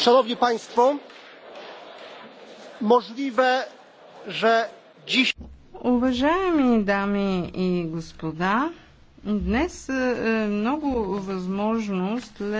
szanowni państwo możliwe że dziś Уважаеми дами и господа, днес е, е много възможно след